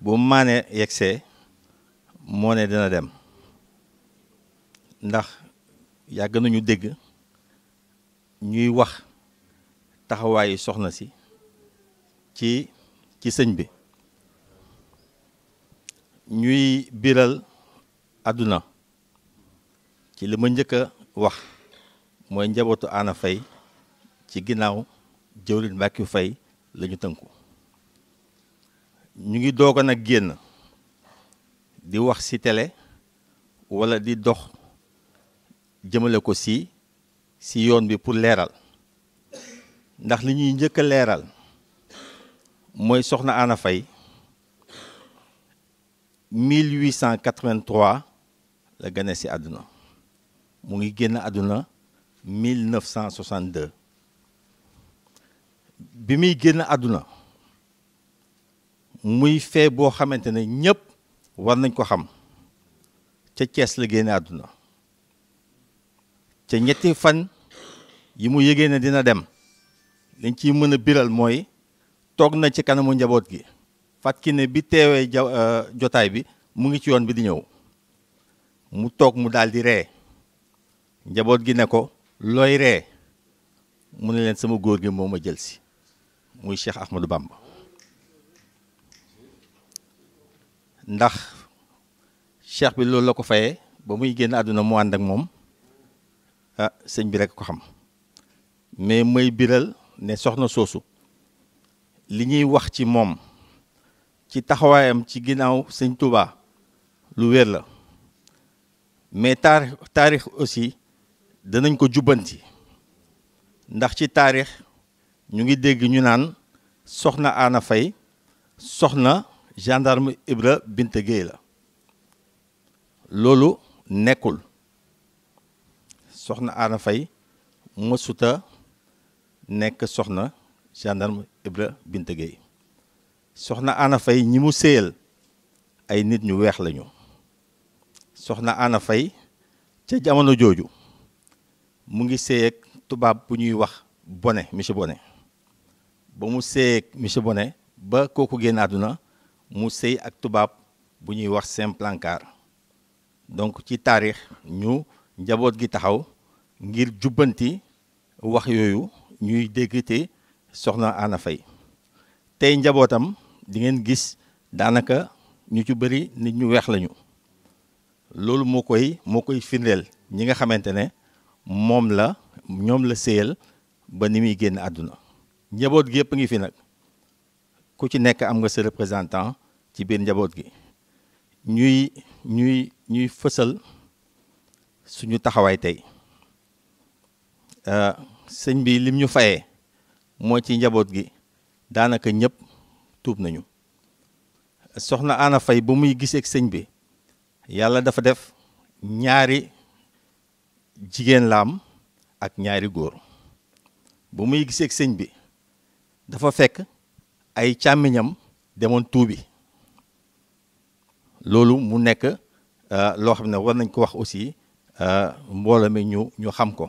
bu maanee yegsee moo ne dina dem ndax yàgg nañu dégg ñuy wax taxawaayu soxna si ci ci sëñ bi ñuy biral àdduna ci li ma njëkk a wax mooy njabootu Ana Faye ci ginnaaw jëwriñ Mbackiou Faye la ñu tënku ñu ngi doogan a génn di wax ci télé walla di dox jëmale ko si si yoon bi pour leeral ndax li ñuy njëkk a leeral mooy soxna Anna Faye 1883 la gane ci àdduna mu ngi génn àdduna 1962 bi muy génn àdduna muy fee boo xamante ne ñëpp war nañ ko xam ca Cees la génne àdduna ca ñetti fan yi mu yégee ne dina dem liñ ciy mën a biral mooy toog na ci kanamu njaboot gi fàtki ne bi teewee euh, jotaay bi mu ngi ci yoon bi di ñëw mu toog mu daldi ree njaboot gi ne ko looy ree mu ne leen sama góor gi moo ma jël si muy Cheikh Ahmadou Bamba ndax cheikh bi loolu la ko fayee ba muy génn àdduna mu ànd ak moom ah, sëñ bi rekk ko xam mais may biral ne soxna soosu li ñuy wax ci moom ci taxawaayam ci ginnaaw sëñ Touba lu wér la mais taarix taarix aussi dinañ ko jubbanti ndax ci taarix ñu ngi dégg ñu naan soxna Ana Faye soxna gendarme Ibra Binte Gueye la loolu nekkul soxna Anna Faye mësuta nekk soxna gendarme Ibra Binte Gueye soxna Anna Faye ñi mu séyal ay nit ñu weex lañu soxna Anna Faye ca jamono jooju mu ngi séy tubaab bu ñuy wax Bonnet monsieur bone ba mu séy ak monsieur Bonnet ba kooku génn àdduna mu sey ak tubaab bu ñuy wax Saint-Plancard donc ci taarix ñu njaboot gi taxaw ngir jubbanti wax yooyu ñuy dégg te soxna Anna Faye tey njabootam dingeen gis daanaka ñu ci bëri nit ñu weex lañu loolu moo koy moo koy firndeel ñi nga xamante ne moom la ñoom la seyal ba ni muy génn àdduna njaboot gi yëpp a ngi fi nag ku ci nekk am nga sa représentant ci biir njaboot gi ñuy ñuy ñuy fësal suñu taxawaay tey euh, sëñ bi lim ñu fayee moo ci njaboot gi daanaka ñëpp tuub nañu soxna Ana Faye ba muy giseek sëñ bi yàlla dafa def ñaari jigéen laam ak ñaari góor bu muy giseeg sëñ bi dafa fekk ay càmmiñam demoon tuubi loolu mu nekk euh, loo xam ne war nañ ko wax aussi euh, mbooloo mi ñu ñu xam ko